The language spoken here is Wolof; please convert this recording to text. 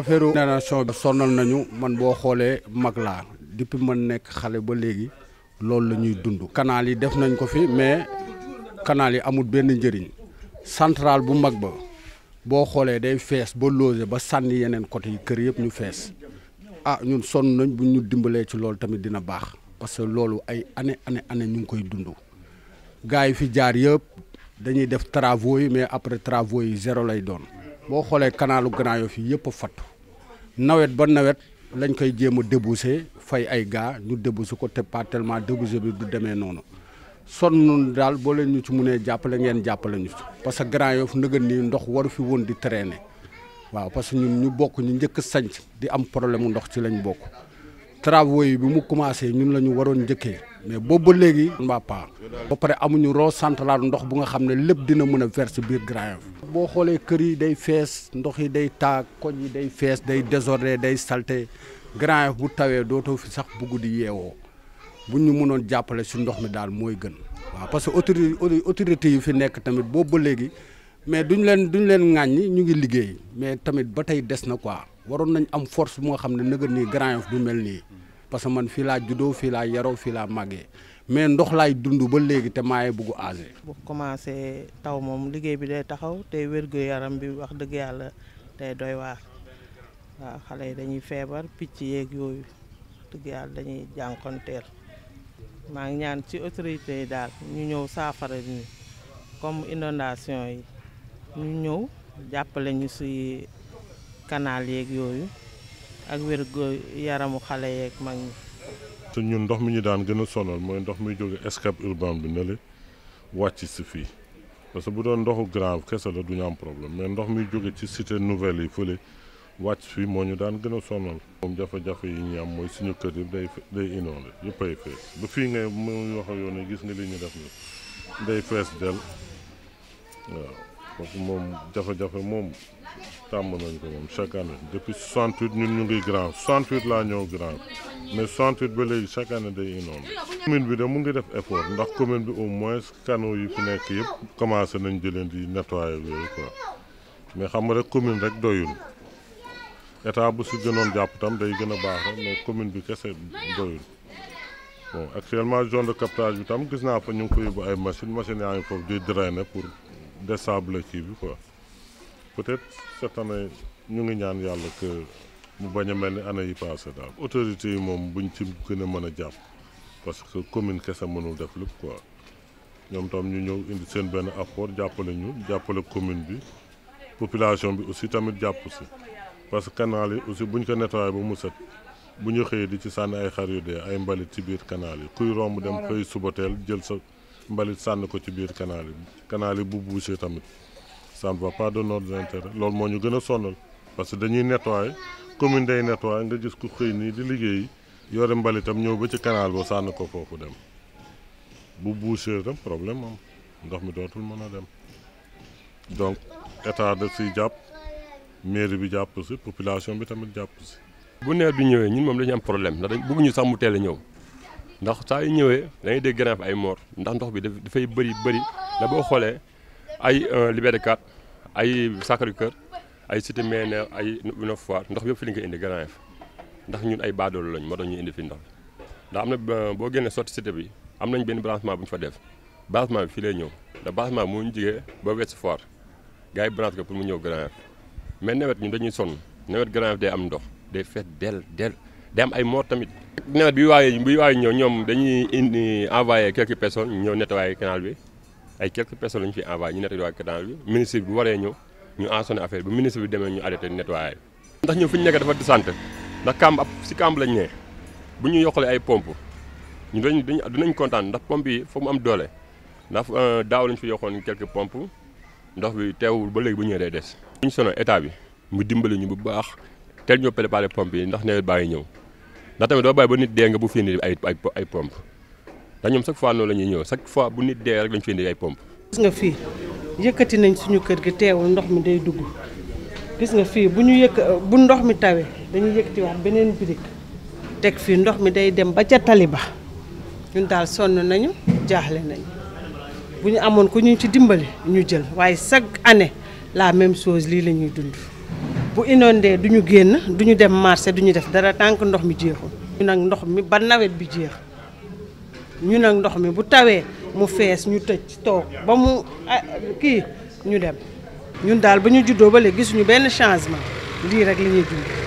affaire génération bi sonal nañu man boo xoolee mag laa depuis man nekk xale ba léegi loolu la ñuy dund. kanaal yi def nañ ko fi mais kanaal yi amut benn njëriñ centrale bu mag ba boo xoolee day fees ba loger ba sànni yeneen côté yi kër yëpp ñu fees ah ñun sonn nañ bu ñu dimbalee ci loolu tamit dina baax parce que loolu ay année année année ñu ngi koy dund gars yi fi jaar yëpp dañuy def travaux yi mais après travaux yi zéro lay doon. boo xoolee kanaalu Grand Yoff yi yëpp a fattu nawet ba nawet lañ koy jéem a débouché fay ay gaa ñu débouché ko te pas tellement bi du demee noonu sonn daal boo leen ñu ci mënee jàppale ngeen jàppale ñu ci parce que Grand Yoff nëgën nii ndox waru fi woon di traîner waaw parce que ñun ñu bokk ñu njëkk a sanc di am problème mu ndox ci lañ bokk. travaux yi bi mu commencé ñun la ñu waroon njëkkee mais boobu ba léegi mbaa paa ba pare amuñu roo central ndox bu nga xam ne lépp dina mën a verser biir Grand Yoff boo xoolee kër yi day fees ndox yi day taa koñ yi day fees day désordre day salté Grand Yoff bu tawee dootoo fi sax bugg di yeewoo bu ñu mënoon jàppale si ndox mi daal mooy gën waaw parce que autorité autorité yi fi nekk tamit boobu ba léegi mais duñ leen duñ leen ŋàññi ñu ngi liggéey mais tamit ba tey des na quoi waroon nañ am force bu nga xam ne nëgën nii Grand Yoff du mel nii parce que man fii laa juddoo fii laa yaroo fii laa màggee mais ndox laay dund ba léegi te maaye buggu âgé bu commencé taw moom liggéey bi day taxaw te wérgu yaram bi wax dëgg yàlla day doy waa xale yi dañuy feebar picc yeeg yooyu dëgg yàlla dañuy jànkonteel maa ngi ñaan ci autorités yi daal ñu ñëw saafara ni comme inondation yi ñu ñëw jàppale ñu si canal yeeg yooyu ak wérgu yaramu xale yeeg mag ñi. te ñun ndox mi ñu daan gën a sonal mooy ndox mi jóge escape urbain bi ne la wàcc si fii parce que bu doon ndoxu grave kese la du ñu am problème mais ndox mi jóge ci cité nouvelle yi fële wàcc fii moo ñu daan gën a sonal. moom jafe-jafe yi ñu am mooy suñu kër yi day day inondé yëpp ay fees ba fii ngay mu wax ak yow gis nga li ñu def nii day fees del kooku moom jafe-jafe moom tàmm nañ ko moom chaque année depuis 68 ñun ñu ngi grand 68 laa ñëw grand mais 68 ba léegi chaque année day inondé. commune bi de mu ngi def effort ndax commune bi au moins canaux yi fi nekk yëpp commencé nañ di leen di nettoyer mais xam nga rek commune rek doyul état bu si gënoon jàpp tam day gën a baax rek mais commune bi kese doyul. bon actuellement zone de captage bi tam gis naa fa ñu ngi ko yóbbu ay machine machines yaa ngi foofu di drainer pour. désable kii bi quoi peut-être cette année ñu ngi ñaan yàlla que mu bañ a mel ni année yi passé daal autorités yi moom buñ ci gën a mën a jàpp parce que commune kese mënul def lépp quoi ñoom tam ñu ñëw indi seen benn apport jàppale ñu jàppale commune bi population bi aussi tamit jàpp si parce que kanaal yi aussi buñ ko nettoyé ba mu set bu ñu xëyee di ci sànni ay xar yu dee ay mbalit ci biir canal yi kuy romb dem xëy suba teel jël sa mbalit sànn ko ci biir canal yi canal yi bu bouché tamit ça ne va pas de notre intérêt loolu moo ñu gën a sonal parce que dañuy nettoyer commune day nettoyer nga gis ku xëy nii di liggéey yore mbalitam ñëw ba ci canal ba sànn ko foofu dem bu bouché tam problème am ndox mi dootul mën dem donc état da siy jàpp mairie bi jàpp si population bi tamit jàpp si. bu nawet bi ñëwee ñun moom dañu am problème ndax dañ bëgguñu sax mu teel ñëw. ndax saa yu ñëwee da ngay dégg Grand ay moor ndax ndox bi dafay bëri bëri da boo xoolee ay euh, Liberté 4 ay Sacré-Cœur ay Cité Mène ay Nord Foire ndox bi yëpp fi li nga indi Grand ndax ñun ay baadoolo lañ moo tax ñu indi fi ndox ndax am na euh, boo génnee sotti cité bi am nañ benn branchement bu ñu fa def branchement bi fii lay ñëw da branchement moo ñu jigee ba Ouest Foire gars yi branche pour mu ñëw Grand Yoff nawet ñun dañuy sonn nawet Grand Yoff day am ndox day fees del del day am ay moo tamit. nawet bi waaye bi waaye ñëw ñoom dañuy indi envoyé quelques personnes ñëw nettoyer canal bi ay quelques personnes lañu fi envoyé ñu nettoyer canal bi ministre bi bu waree ñëw ñu ensonné bi ministre bi demee ñu arrêté nettoyer ndax ñoom fi ñu nekk dafa descente ndax camp ab si camp lañ ne bu ñu yokkalee ay pompe ñu dañu dinañ kontaan ndax pompe yi foog mu am doole ndax euh, daaw lañ fi yokkoon quelques pompes ndox bi teewul ba léegi bu ñëwee day des. ñu sono état bi mu dimbali ñu bu baax teel ñoo préparé pompe yi ndax nawet baa ngi ñëw. ndax tamit doo bàyyi ba nit dee nga bu fi indi ay ay ay pompe ndax ñoom chaque fois noonu la ñuy ñëw chaque fois bu nit dee rek lañu fi indi ay pompe gis nga fii yëkkati nañ suñu kër gi teewul ndox mi day dugg gis nga fii bu ñu yëkk bu ndox mi tawee dañuy yëkkati wax beneen birig teg fii ndox mi day dem ba ca tali ba ñun daal sonn nañu jaaxle nañu bu ñu amoon ko ñu ci dimbali ñu jël waaye chaque année la même chose lii la ñuy dund bu du ñu génn du ñu dem du duñu def dara tànk ndox mi jeexul. ñu nag ndox mi ba nawet bi jeex ñu nag ndox mi bu tawee mu fees ñu tëj toog ba mu kii ñu dem ñun daal ba ñu juddoo ba léegi gisuñu benn changement lii rek li ñuy dund.